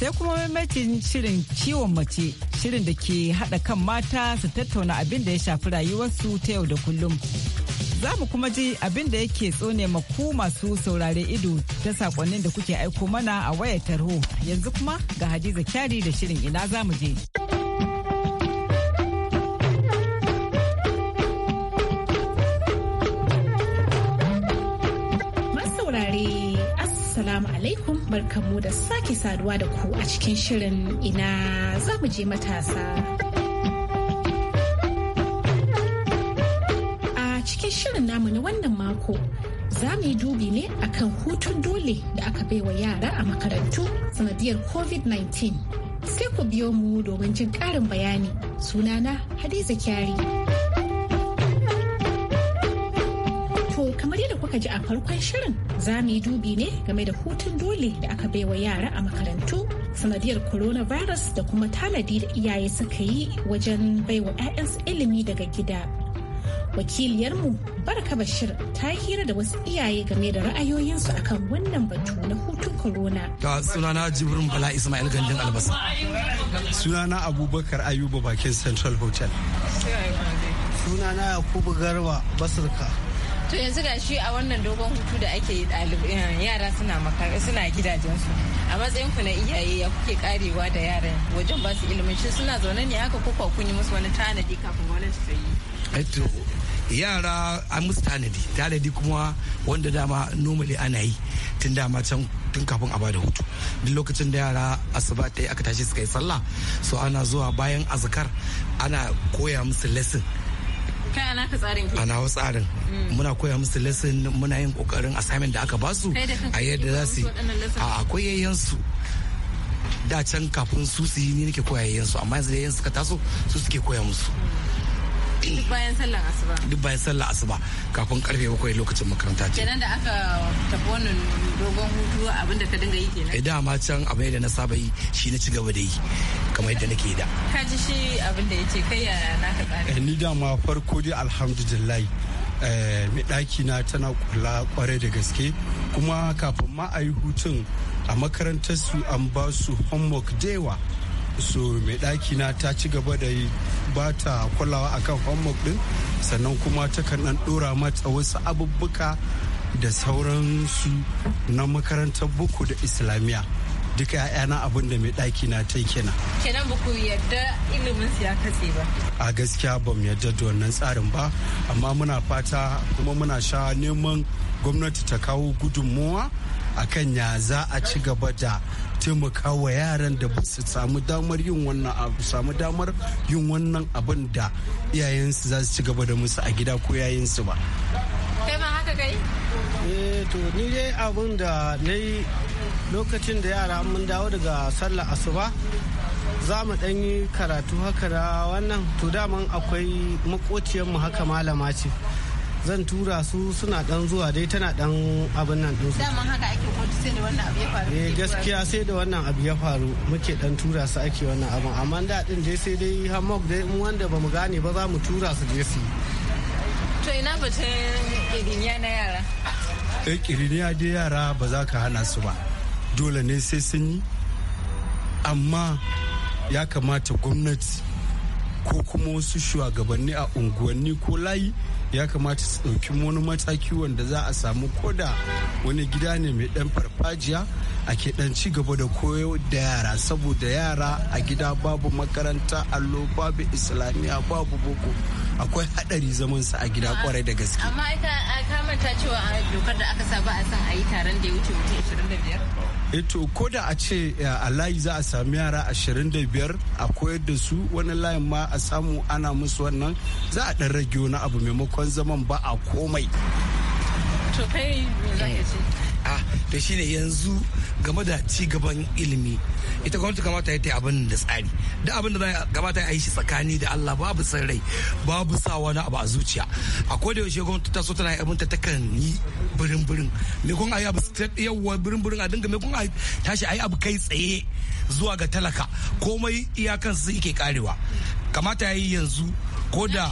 sai kuma maimaitin shirin ciwon mace shirin da ke hada kan mata su tattauna abin da ya shafi rayuwarsu ta yau da kullum za mu kuma ji abin da yake tsone maku masu saurare ido ta saƙonnin da kuke aiko mana a wayar tarho yanzu kuma ga hadiza kyari da shirin ina za mu je. Assalamu alaikum barkamu da sake saduwa da ku a cikin shirin ina za mu je matasa. a cikin shirin namu na wannan mako za mu yi dubi ne akan hutun dole da aka baiwa yara a makarantu sanadiyar covid-19 sai ku biyo mu domin jin ƙarin bayani sunana hadiza kyari. kuka ji a farkon shirin za mu yi dubi ne game da hutun dole da aka baiwa yara a makarantu sanadiyar coronavirus da kuma tanadi da iyaye suka yi wajen baiwa 'ya'yansu ilimi daga gida. Wakiliyarmu Barka Bashir ta hira da wasu iyaye game da ra'ayoyinsu akan wannan batu na hutun corona. Ga sunana Jibrin Bala Ismail Gandun Albasa. Sunana Abubakar Ayuba bakin Central Hotel. Sunana Yakubu Garba Basirka. to yanzu ga shi a wannan dogon hutu da ake yi eh, yara suna suna gidajensu a matsayin ku na iyaye ya kuke karewa da yaran wajen ba su ilimin shi suna zaune ne haka ko kun yi musu wani tanadi kafin gwamnati su yi eto eh, yara an musu tanadi tanadi kuma wanda dama normally ana yi tun dama can tun kafin a bada hutu duk lokacin da yara asuba ta yi aka tashi suka yi sallah so ana zuwa bayan azkar ana koya musu lesson kai ana ka tsarin ke ana wasu tsarin mm. muna koya musu lesson muna yin kokarin assignment da aka ba su a yadda za su a akwai yayyan su da can kafin su su yi ni nake koya yayyan su amma yanzu yayyan ka taso su suke koya musu duk bayan sallar asuba duk bayan sallar asuba kafin karfe bakwai lokacin makaranta ce kenan da aka tafi wannan dogon hutu abinda ka dinga yi kenan idan eh, dama can abin da na saba yi shi na ci gaba da yi kamar yadda nake da ka shi abin da ce kai yaya naka tsari eh, ni dama farko dai alhamdulillah mai eh, ɗaki na tana kula kwarai da gaske kuma kafin ma a yi hutun a makarantar su an ba su homework dewa so mai ɗaki na ta ci gaba da yi ba ta kulawa akan homework din sannan kuma takan ɗan ɗora mata wasu abubuwa da sauransu na makarantar boko da islamiyya duka ‘ya'yana abin da mai ɗaki na ta kenan. Kenan ba ku yarda ilimin ya katse ba. A gaskiya ba mu yarda da wannan tsarin ba, amma muna fata kuma muna sha neman gwamnati ta kawo gudunmuwa kan ya za a ci gaba da taimaka wa yaran da ba su samu damar yin wannan abu samu damar yin wannan abin da iyayensu za su ci gaba da musu a gida ko yayinsu ba kai ma haka kai eh, to ni dai abin da na yi lokacin da yara mun dawo daga sallar asuba za mu ɗan yi karatu haka da wannan to daman akwai makociyarmu haka malama ce zan tura su suna dan zuwa dai tana dan abin nan din su daman haka ake kotu sai da wannan abu ya faru eh gaskiya sai da wannan abu ya faru muke dan tura su ake wannan abin amma da din dai sai dai hamok dai mu wanda bamu gane ba za mu tura su je su yi to ina ta kiriniya na yara eh kiriniya dai yara ba za ka hana su ba dole ne sai sun yi amma ya kamata gwamnati ko kuma wasu shugabanni a unguwanni ko layi ya kamata su ɗauki wani mataki wanda za a samu koda wani gida ne mai ɗan farfajiya a ke ɗan ci gaba da koyo da yara saboda yara a gida babu makaranta allo babu islamiyya babu boko akwai haɗari zamansa a gida kwarai da gaske amma ka dokar da aka saba a son a yi taron da ya wuce mutum 25 eto eh ko da a ce eh, a layi za a sami yara 25 a koyar da su wani layin ma a samu ana musu wannan za a ɗan rage wani abu maimakon zaman ba a komai to kai me za ka ce faɗa to shine yanzu game da ci gaban ilimi ita gwamnati kamata ya ta abin da tsari da abin da kamata ya yi shi tsakani da Allah babu san rai babu sa wani abu a zuciya a koda yaushe gwamnati ta so tana yi abinta takan yi birin birin me kun ayi abu yawwa birin birin a dinga me kun ayi tashi ayi abu kai tsaye zuwa ga talaka komai iyakan su yake karewa kamata ya yi yanzu ko da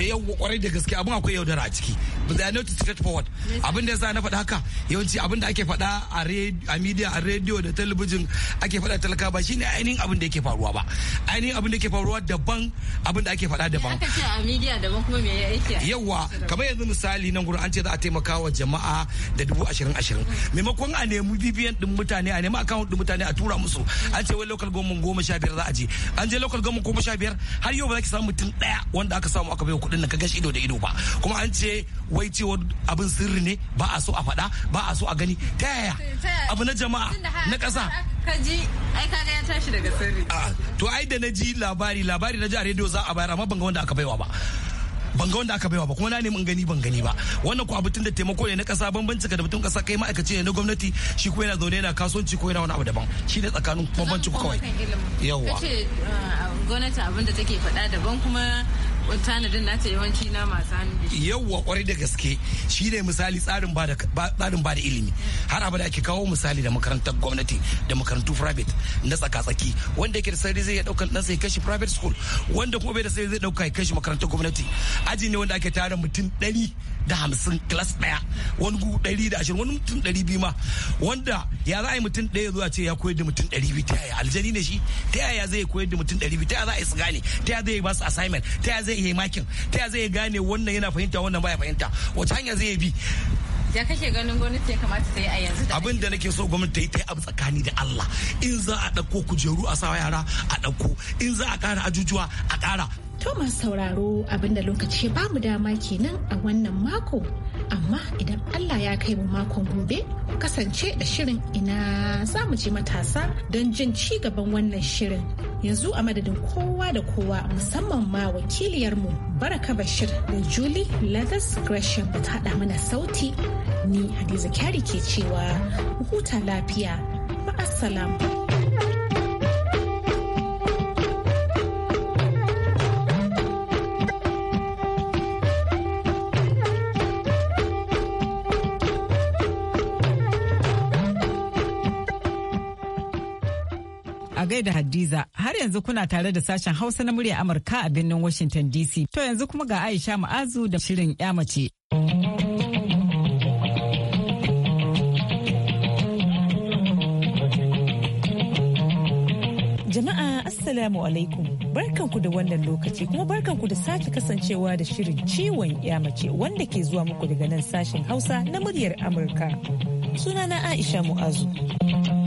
yau eh, kwarai da gaske abin akwai yaudara a ciki they are straight forward. abin da ya sa na faɗa haka yawanci abin da ake faɗa a media a radio da talabijin ake faɗa talaka ba shine ainihin abin da yake faruwa ba ainihin abin da yake faruwa daban abin da ake faɗa daban aka ce a media daban kuma me yake yawa kamar yanzu misali nan gurin an ce za a taimaka wa jama'a da dubu ashirin ashirin maimakon a nemi bibiyan din mutane a nemi account din mutane a tura musu an ce wai local goma goma sha biyar za a je an je local government goma sha biyar har yau ba za ki samu mutum ɗaya wanda aka samu aka bai kuɗin nan ka gashi ido da ido ba kuma an ce wai cewa abin sirri ne ba a so a faɗa ba a so a gani ta yaya abu na jama'a na ƙasa to ai da na ji labari labari na ji a rediyo za a bayar amma ban ga wanda aka baiwa ba ban ga wanda aka baiwa ba kuma na nemi in gani ban gani ba wannan ku abutun da taimako ne na kasa bambanci ka da mutum kasa kai ma'aikaci ne na gwamnati shi kuma yana zaune yana kasuwanci ko yana wani abu daban shi ne tsakanin bambanci kawai yawwa uh, gwamnati abin da take faɗa daban kuma tanadin nata yawanci na masu hannu yawwa kwarai da gaske shi ne misali tsarin ba da ilimi har abada ake kawo misali da makarantar gwamnati da makarantu private na tsaka-tsaki wanda yake da sarari zai ɗaukar na sai kashi private school wanda kuma bai da sarari zai ɗauka kashi makarantar gwamnati aji ne wanda ake tara mutum dari da hamsin class daya wani gu dari da ashirin wani mutum dari biyu ma wanda ya za a yi mutum daya zuwa ce ya koyar da mutum dari biyu ta yaya aljani ne shi ta yaya zai koyar da mutum dari biyu ta yaya za a yi su gane ta yaya zai ba su assignment ta yaya zai zai iya makin ta ya zai gane wannan yana fahimta wannan baya fahimta wata hanya zai bi ya kake ganin gwamnati ya kamata ta yi a yanzu da abin da nake so gwamnati ta yi abu tsakani da Allah in za a ɗauko kujeru a sa yara a ɗauko in za a ƙara ajujuwa a ƙara to masu sauraro abinda lokaci ba mu dama kenan a wannan mako amma idan Allah ya kai mu makon gobe kasance da shirin ina za mu je matasa don jin ci gaban wannan shirin yanzu a madadin kowa da kowa musamman ma wakiliyarmu baraka bashir da julie lathers gresham ta haɗa mana sauti ni hadiza kyari ke cewa huta lafiya ma'assalam. A gaida Hadiza, har yanzu kuna tare da sashen Hausa na murya Amurka a birnin Washington DC. To yanzu kuma ga Aisha Ma'azu da shirin yamace. Jama'a Assalamu alaikum barkanku da wannan lokaci kuma barkanku da sake kasancewa da shirin ciwon mace wanda ke zuwa muku daga nan sashen Hausa na muryar Amurka. Sunana Aisha Mu'azu.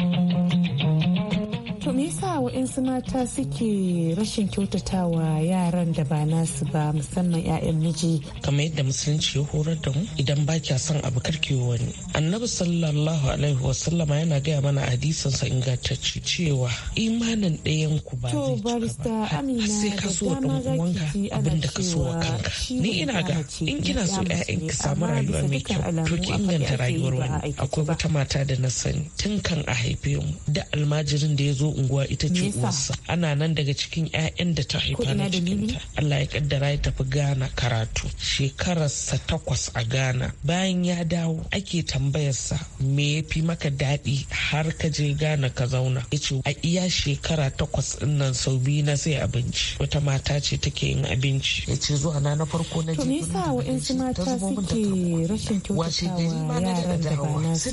me yasa wa'yansu mata suke rashin kyautatawa yaran da ba nasu ba musamman 'ya'yan miji kamar yadda musulunci ya horar da mu idan ba kya son abu karki wani annabi sallallahu alaihi wasallama yana gaya mana hadisin sa ingantacce cewa imanin ɗayan ku ba to ba. amina sai ka so wa uwanka abin da ka so wa kanka ni ina ga in kina so 'ya'yan ki samu rayuwa mai kyau to ki inganta rayuwar wani akwai wata mata da na sani tun kan a haife mu da almajirin da ya zo in unguwa ita ce uwarsa ana nan daga cikin 'ya'yan da ta haifa na cikinta Allah ya kaddara ya tafi Ghana karatu shekararsa takwas a Ghana bayan ya dawo ake tambayarsa me ya fi maka daɗi har ka je Ghana ka zauna ya ce a iya shekara takwas in nan sau biyu na sai abinci wata mata ce take yin abinci ya ce zuwa na na farko na je wa'insu mata suke rashin kyautatawa yaran da ba nasu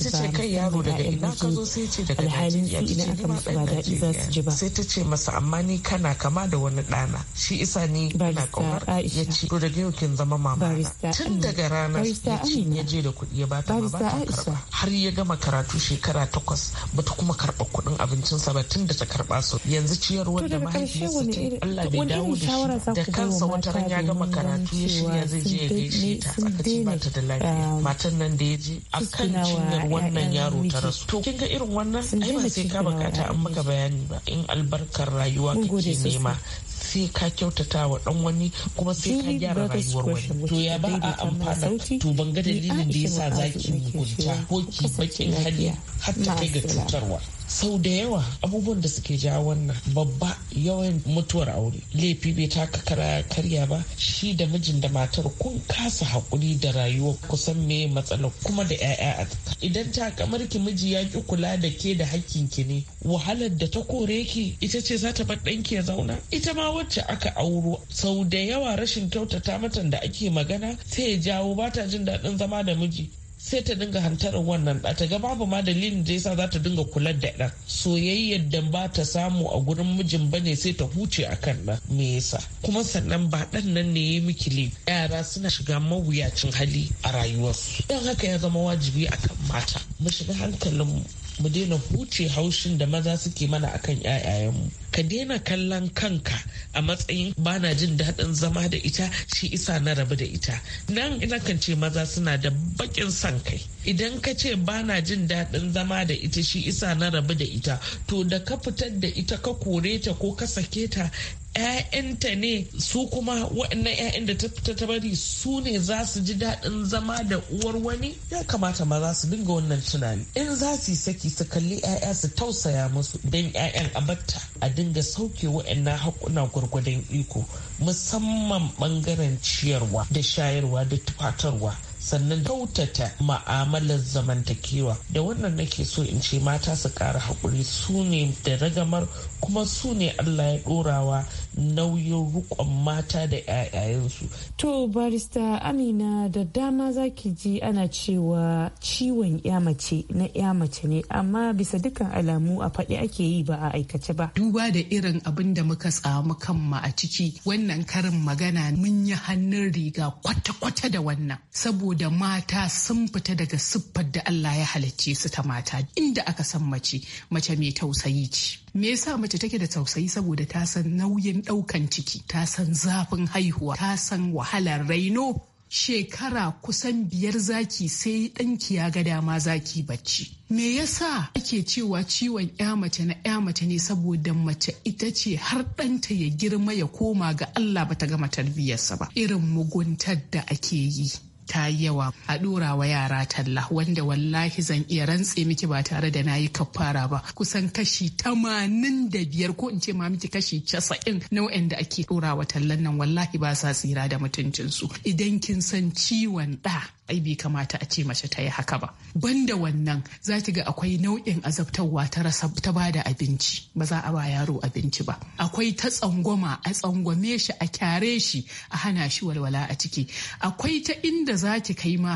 ba alhalin su idan aka musu ba daɗi ji za su ji ba sai ta ce masa amma ni kana kama da wani ɗana shi isa ni na kawar ya ce to daga yau kin zama mama tun daga rana ya ce ya je da kuɗi ya bata ba ta karba har ya gama karatu shekara takwas bata kuma karɓa kuɗin abincinsa ba tun da ta karɓa su yanzu ciyarwar da mahaifiyarsa ce Allah bai dawo da shi da kansa wata ran ya gama karatu ya shirya zai je ya gaishe ta aka ce bata da lafiya um, matan nan da ya je akan cinyar wannan yaro ta rasu to kin ga irin wannan ai ba sai ka bukata an maka bayani bayani ba in albarkar rayuwa kake nema sai ka kyautata wa dan wani kuma sai ka gyara rayuwar wani to ya ba a amfana to ban ga dalilin da yasa zaki mugunta ko ki bakin hali hatta kai ga cutarwa sau da yawa abubuwan da suke jawo wannan babba yawan mutuwar aure laifi bai taka kara karya ba shi da mijin da matar kun kasa haƙuri da rayuwa kusan me matsala kuma da 'ya'ya a idan ta kamar ki miji ya ki kula da ke da hakkin ki ne wahalar da ta kore ki ita ce za ta bar ɗanki ya zauna ita ma wacce aka auro sau da yawa rashin kyautata matan da ake magana sai ya jawo ba ta jin daɗin zama da miji sai ta dinga hantarar wannan da ta ga babu ma dalilin da yasa za ta dinga kula da ɗan soyayyar da ba ta samu a gurin mijin bane sai ta huce a kan ɗan me yasa kuma sannan ba ɗan nan ne ya miki le yara suna shiga mawuyacin hali a rayuwarsu don haka ya zama wajibi akan mata mu shiga hankalinmu mu daina huce haushin da maza suke mana akan 'ya'yayenmu ka daina kallon kanka a matsayin bana jin daɗin zama da ita shi isa na rabu da ita nan ina kan ce maza suna da baƙin son kai idan ka ce bana jin daɗin zama da ita shi isa na rabu da ita to da ka fitar da ita ka kore ta ko ka sake ta 'ya'yanta ne su kuma waɗannan 'ya'yan da ta bari su ne za su ji daɗin zama da uwar wani ya kamata maza su dinga wannan tunani in za su yi saki su kalli 'ya'ya su tausaya musu don 'ya'yan abatta a dinga sauke waɗannan haƙuna gwargwadon iko musamman ɓangaren ciyarwa da shayarwa da tufatarwa sannan kyautata ma'amalar zamantakewa da wannan nake so in ce mata su kara haƙuri su ne da ragamar kuma su ne allah ya ɗorawa nauyin rukon mata da ƴaƴayensu. to barista amina da dama zaki ji ana cewa ciwon ya mace na ya mace ne amma bisa dukkan alamu a faɗi ake yi ba a aikace ba duba da irin abin da muka samu kan kanmu a ciki wannan karin magana mun yi hannun riga kwata-kwata da wannan saboda da mata sun fita daga siffar da Allah ya halicce su ta mata inda aka san mace mace mai tausayi ce me yasa mace take da tausayi saboda ta san nauyin daukan ciki ta san zafin haihuwa ta san wahalar raino shekara kusan biyar zaki sai ɗanki ya ga dama zaki bacci. Me yasa ake cewa ciwon ya mace na ya mace ne saboda mace ita ce har ɗanta ya girma ya koma ga Allah bata gama tarbiyyarsa ba. Irin muguntar da ake yi. ta yi yawa a dora wa yara talla wanda wallahi zan iya rantse miki ba tare da na yi kafara ba kusan kashi tamanin da biyar ko in ce ma miki kashi casa'in nau'in da ake dora wa tallan nan wallahi ba sa tsira da mutuncinsu idan kin san ciwon ɗa ai bai kamata a ce mace ta yi haka ba banda wannan za ga akwai nau'in azabtarwa ta rasa ta bada abinci ba za a ba yaro abinci ba akwai ta tsangwama a tsangwame shi a kyare shi a hana shi walwala a ciki akwai ta inda za ki kai ma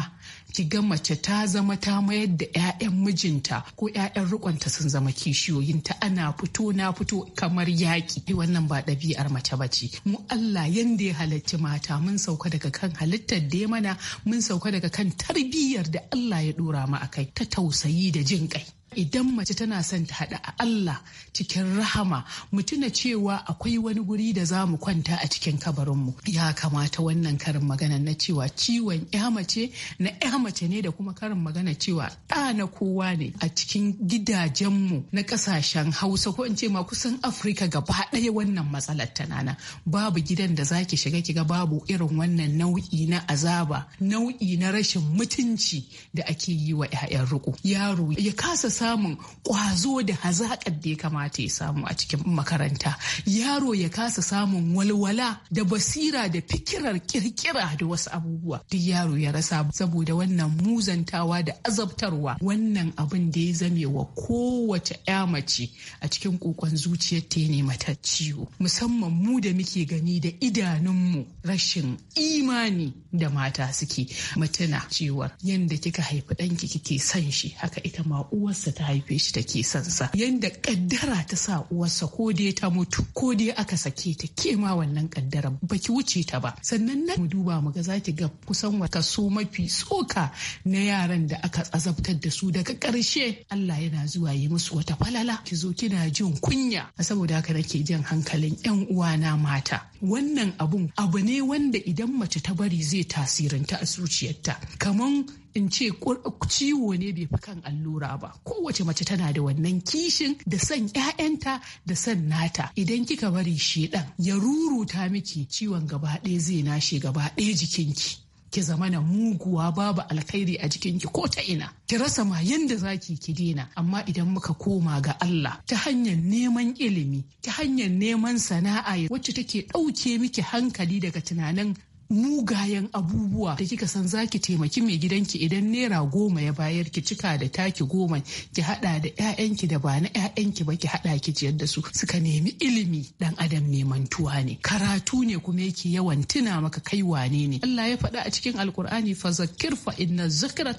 ki ga mace ta zama ta mayar da 'ya'yan mijinta ko 'ya'yan rikonta sun zama kishiyoyinta ana fito na fito kamar yaƙi eh, wannan ba ɗabi'ar mace ba ce mu Allah yanda ya halarci mata mun sauka daga kan halittar da mana mun sauka daga kan tarbiyyar da Allah ya dora mu kai ta tausayi da jin kai idan mace tana son ta haɗa a Allah cikin rahama mutuna cewa akwai wani guri da za mu kwanta a cikin kabarinmu ya kamata wannan karin magana na cewa ciwon ya mace na ya mace ne da kuma karin magana cewa ɗa na kowa ne a cikin gidajenmu na ƙasashen hausa ko in ce ma kusan afirka gaba ɗaya wannan matsalar tanana babu gidan da zaki shiga kiga babu irin wannan nau'i na azaba nau'i na rashin mutunci da ake yi wa 'ya'yan ruku. yaro ya kasa samun ƙwazo da hazaƙar da ya kamata ya samu a cikin makaranta yaro ya kasa samun walwala da basira da fikirar kirkira da wasu abubuwa duk yaro ya rasa saboda wannan muzantawa da azabtarwa wannan abin da ya zame wa kowace ya mace a cikin kokon zuciyar ta ne mata ciwo musamman mu da muke gani da idanunmu rashin imani da mata suke mutuna cewar yadda kika haifi ɗanki kike son shi haka ita ma uwarsa uwarsa ta haife shi take son sa yanda kaddara ta sa uwarsa ko dai ta mutu ko dai aka sake ta ke ma wannan kaddara baki wuce ta ba sannan na mu duba mu ga zaki ga kusan kaso mafi tsoka na yaran da aka azabtar da su daga ƙarshe Allah yana zuwa yi musu wata falala ki zo kina jin kunya A saboda haka nake jin hankalin yan uwana mata wannan abun abu ne wanda idan mace ta bari zai tasirinta a zuciyarta kaman in ce ciwo ne bai fi kan allura ba kowace mace tana da wannan kishin da son 'ya'yanta da son nata idan kika bari shi ya ruruta miki ciwon gaba ɗaya zai nashe gaba ɗaya jikinki ki zama na muguwa babu alkhairi a jikinki ko ta ina ki rasa ma yanda zaki ki dena amma idan muka koma ga Allah ta hanyar neman ilimi ta hanyar neman sana'a wacce take ɗauke miki hankali daga tunanin mugayen abubuwa da kika san zaki taimaki mai gidanki idan naira goma ya bayar ki cika da taki goma ki hada da 'ya'yanki da ba na 'ya'yanki ba ki hada ki jiyar da su suka nemi ilimi dan adam ne mantuwa ne karatu ne kuma yake yawan tuna maka kai wane ne Allah ya faɗa a cikin alkur'ani fa zakir fa inna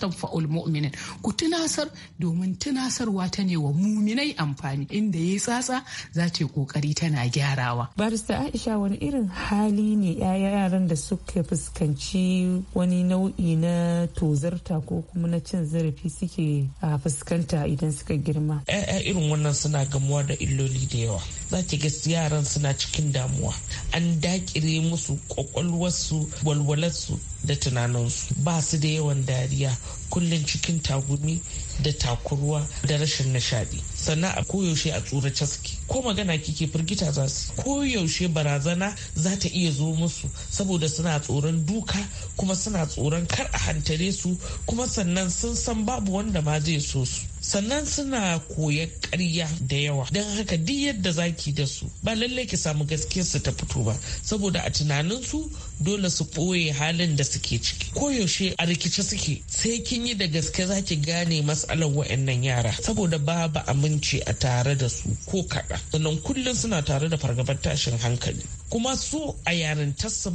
fa ul mu'minin ku tunasar domin tunasarwa ta ne wa muminai amfani inda yayi tsatsa za ta yi kokari tana gyarawa barista Aisha wani irin hali ne yaran da su suka fuskanci wani nau'i na tozarta ko kuma na cin zarafi suke fuskanta idan suka girma. 'ya'ya irin wannan suna gamuwa da illoli da yawa za ki ga yaran suna cikin damuwa an dakire musu kwakwalwarsu walwalarsu da tunaninsu ba su da yawan dariya kullum cikin tagumi da takurwa da rashin nishadi sannan a koyaushe a tsura caski ko magana kike firgita za su koyaushe barazana za ta iya zo musu saboda suna suna tsoron duka kuma suna tsoron kar a hantare su kuma sannan sun san babu wanda ma zai so su sannan suna koya karya da yawa don haka duk yadda zaki da su ba lallai ki samu gaskiyar su ta fito ba saboda a tunanin su dole su ɓoye halin da suke ciki koyaushe a rikice suke sai kin yi da gaske zaki gane matsalar wa'annan yara saboda babu aminci a tare da su ko kaɗa sannan kullum suna tare da fargabar tashin hankali kuma su a yarintarsu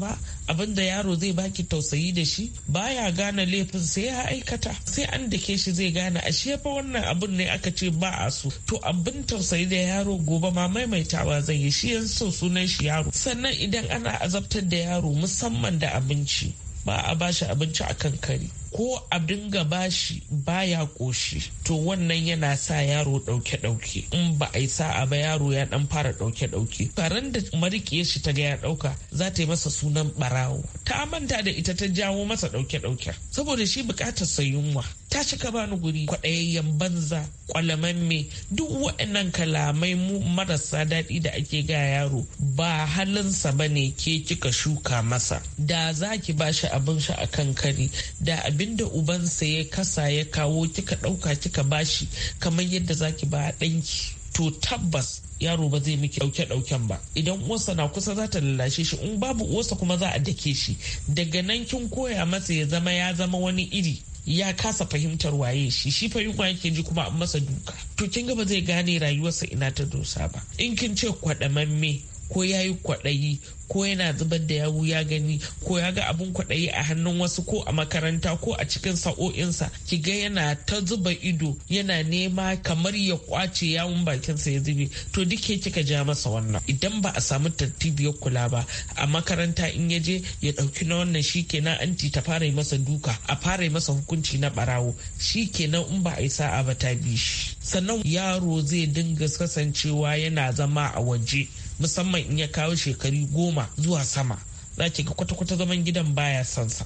abin da yaro zai baki tausayi da shi baya gane laifin sai ya aikata sai an dake shi zai gane ashe fa wannan wannan abin ne aka ce ba a so to abin tausayi da yaro gobe ma maimaitawa zai yi shi yan so sunan shi yaro sannan idan ana azabtar da yaro musamman da abinci ba a bashi abinci a kan kari ko a dinga bashi baya koshi to wannan yana sa yaro dauke dauke in ba a yi sa'a ba yaro ya dan fara dauke dauke karen da marike shi ta ga ya dauka za ta yi masa sunan barawo ta manta da ita ta jawo masa dauke dauke saboda shi bukatar sa yunwa ta cika bani guri kwaɗayayyen banza kwalamamme duk waɗannan kalamai mu marasa daɗi da ake ga yaro ba halinsa ba ne ke kika shuka masa da za ki ba shi abin shi a kan kari da abin da ubansa ya kasa ya kawo kika ɗauka kika ba shi kamar yadda za ki ba ɗanki to tabbas yaro ba zai miki dauke dauken ba idan uwarsa na kusa za ta lalashe shi in babu uwarsa kuma za a dake shi daga nan kin koya masa ya zama ya zama wani iri ya kasa fahimtar waye shi shi fa yunwa yake ji kuma an masa duka to kin ga ba zai gane rayuwarsa ina ta dosa ba in kin ce mamme. ko ya yi kwaɗayi ko yana zubar da yawu ya gani ko ya ga abun kwaɗayi a hannun wasu ko a makaranta ko a cikin sa'o'insa ki ga yana ta zuba ido yana nema kamar ya kwace yawun bakinsa ya zube to duk ya kika ja masa wannan idan ba a samu tartibiyar kula ba a makaranta in ya je ya ɗauki na wannan shi kenan anti ta fara masa duka a fara masa hukunci na barawo shi kenan in ba a yi sa'a ba ta bi shi sannan yaro zai dinga kasancewa yana zama a waje musamman in ya kawo shekaru goma zuwa sama za ki ga kwata-kwata zaman gidan baya son sa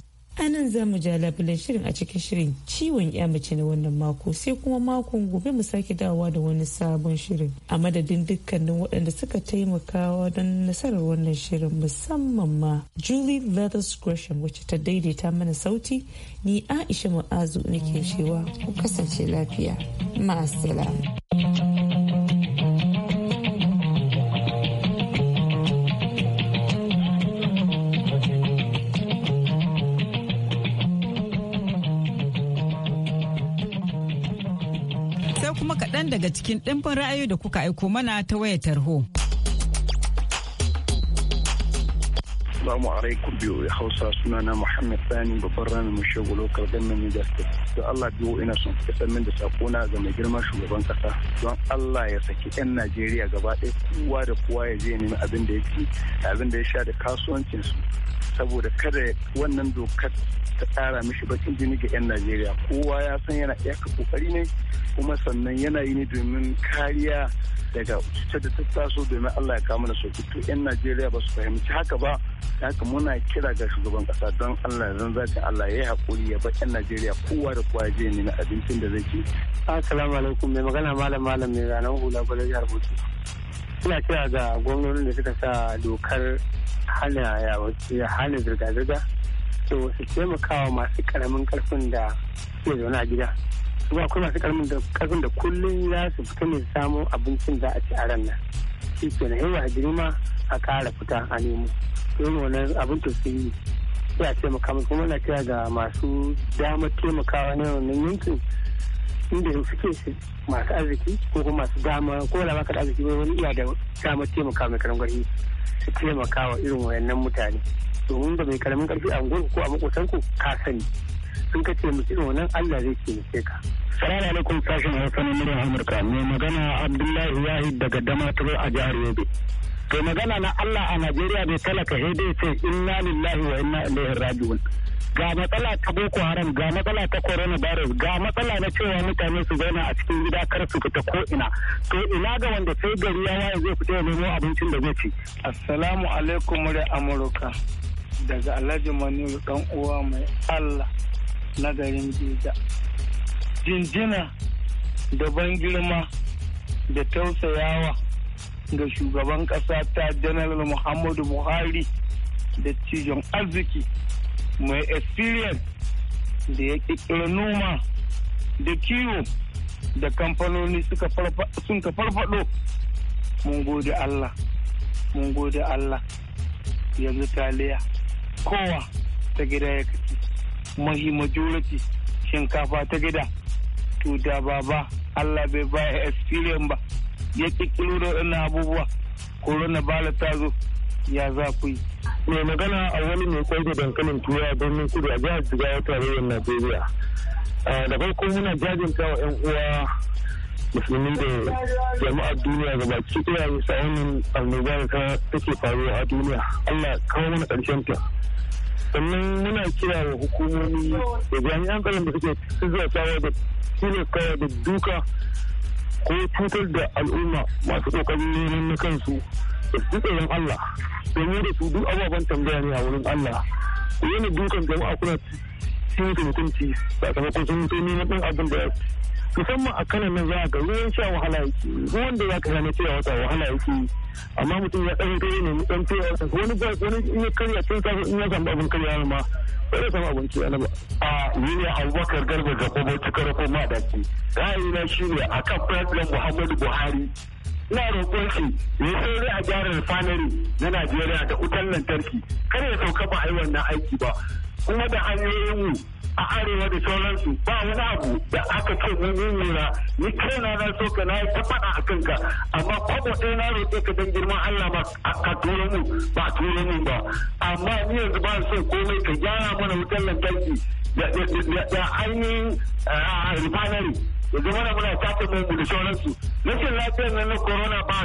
nan za mu ja labulen shirin a cikin shirin ciwon ya mace na wannan mako sai kuma makon gobe mu sake dawowa da wani sabon shirin a madadin dukkanin waɗanda suka taimakawa don nasarar wannan shirin musamman ma julie leathers gresham wacce ta daidaita mana sauti ni aisha mu'azu nake cewa ku kasance lafiya ma'asala. daga cikin ɗimbin ra'ayoyi da kuka aiko mana ta waya tarho. Salamu alaikum biyu Hausa sunana Muhammad Sani babban ranar mushago lokal gannan Niger Don Allah biyu ina son fitar min da sakona ga mai girman shugaban kasa. Don Allah ya saki 'yan Najeriya gaba ɗaya kowa da kowa ya je nemi abin da ya ci abin da ya sha da kasuwancinsu Saboda kada wannan dokar ta tsara mishi bakin jini ga 'yan najeriya kowa ya san yana iyaka kokari ne kuma sannan yana yi ne domin kariya daga cutar da ta taso domin allah ya kama da to 'yan najeriya ba su fahimci haka ba haka muna kira ga shugaban kasa don allah zan zaka allah ya yi hakuri ya bar 'yan najeriya kowa da kowa zai nemi abincin da zai ci assalamu alaikum mai magana malam malam mai ranar hula gwada jihar bauchi ina kira ga gwamnonin da suka sa dokar hana zirga-zirga so su taimakawa masu karamin karfin da suke zaune a gida kuma akwai masu karamin karfin da kullum za su fita ne samun abincin da a ci a ran nan shi ke na yawa girma a kara fita a nemo yin wannan abin to su yi sai a taimaka mu kuma na kira ga masu damar taimakawa na wannan yankin inda suke su masu arziki ko kuma masu dama ko da baka da arziki wani iya da damar taimaka mai gari su taimaka wa irin wayannan mutane domin ba mai karamin karfi a unguwarku ko a ku ka sani sun kace mutum wannan Allah zai ce ka Salamu alaikum sashen Hausa na muryar Amurka mai magana Abdullahi Yahid daga Damatur a jihar Yobe. To magana na Allah a Najeriya bai talaka dai ce inna lillahi wa inna ilaihi raji'un. Ga matsala ta Boko Haram, ga matsala ta coronavirus, ga matsala na cewa mutane su zauna a cikin gida kar su fita ko ina. To ina ga wanda sai gari ya waye zai fita ya nemo abincin da zai ci. Assalamu alaikum muryar Amurka. daga alhaji maniru dan uwa mai allah na garin jeja jinjina da ban girma da tausayawa ga shugaban kasa ta janar muhammadu buhari da cijon arziki mai experience da ya kikira noma da kiwo da kamfanoni sun ka farfado mun gode allah mun gode allah yanzu taliya kowa ta gida ya kaci mahi majority shinkafa ta gida to da baba Allah bai baya experience ba ya kikkilo da waɗannan abubuwa corona bala ta zo ya za ku yi. mai magana a wani mai kwai da dankalin tura birnin kudu a jihar jigawa tarayyar najeriya ah, da farko muna jajinta wa 'yan uwa musulmi da jama'a duniya ga baki ɗaya bisa wannan annoba ta take faruwa a duniya allah kawo mana ƙarshen ta sannan muna kira wa hukumomi da jami'an ƙarin da suke sirratawa da kawo da duka ko cutar da al'umma masu ɗaukar neman na kansu da su tsoron allah don da su duk ababen tambaya ne a wurin allah yana dukan jama'a kuna cikin mutunci sakamakon sun mutu na ɗan abin da musamman a kanan nan za ga ruwan sha wahala yake ruwan da za ka gane cewa wata wahala yake amma mutum ya ɗan kai ne ɗan kai wani ba wani in ya karya tun sa in ya samu abin karya ma ba zai samu abin karya ba. a ni ne abubakar garba ga kuma cikar ko ma dace ne a kan president muhammadu buhari na roƙon shi ya sai a gyara refinery na najeriya da wutar lantarki kar ya sauka ba a yi wannan aiki ba kuma da hanyoyin a arewa da sauransu ba wani abu da aka ce mun nuna ni kaina na so ka na yi ta faɗa a kanka amma kwabo ɗaya na roƙe ka don girman Allah ba ka turo mu ba turo mu ba amma ni yanzu ba so komai ka gyara mana wutar lantarki da ainihin refinery da zama na muna sake mu da sauransu rashin lafiyar nan na corona ba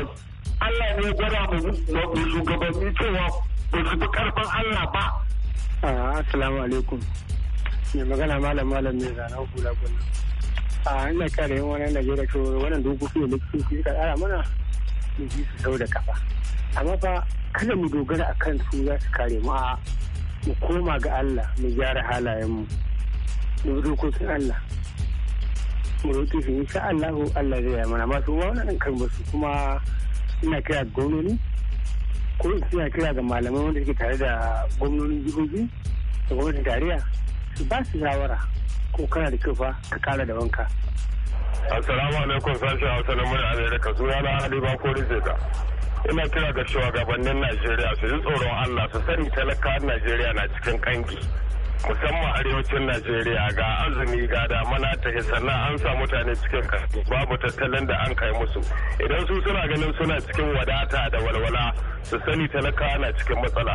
Allah ne ya gwada mu shugabanni cewa ba su fi karfin Allah ba. Assalamu alaikum. mai magana malam malam mai zana hula gona a ina kare yin wani najeriya wani wannan dokoki da nake su ka tsara mana mu ji su sau da kafa amma fa kada mu dogara a kan su za su kare mu a mu koma ga Allah mu gyara halayenmu mu dokokin Allah mu roƙe shi insha Allah Allah zai yi mana masu ba wannan kan basu kuma ina kira gwamnoni ko ina kira ga malamai wanda suke tare da gwamnonin jihohi da gwamnatin tarayya ba su shawara ko kana da kyau fa ka kara da wanka assalamu alaikum sashen hausa na murya amerika suna na ba ko rizeta ina kira ga shugabannin najeriya su ji tsoron allah su sani talakawan najeriya na cikin kangi musamman arewacin najeriya ga azumi ga damana ta sannan an sa mutane cikin kasu babu tattalin da an kai musu idan su suna ganin suna cikin wadata da walwala su sani talakawa na cikin matsala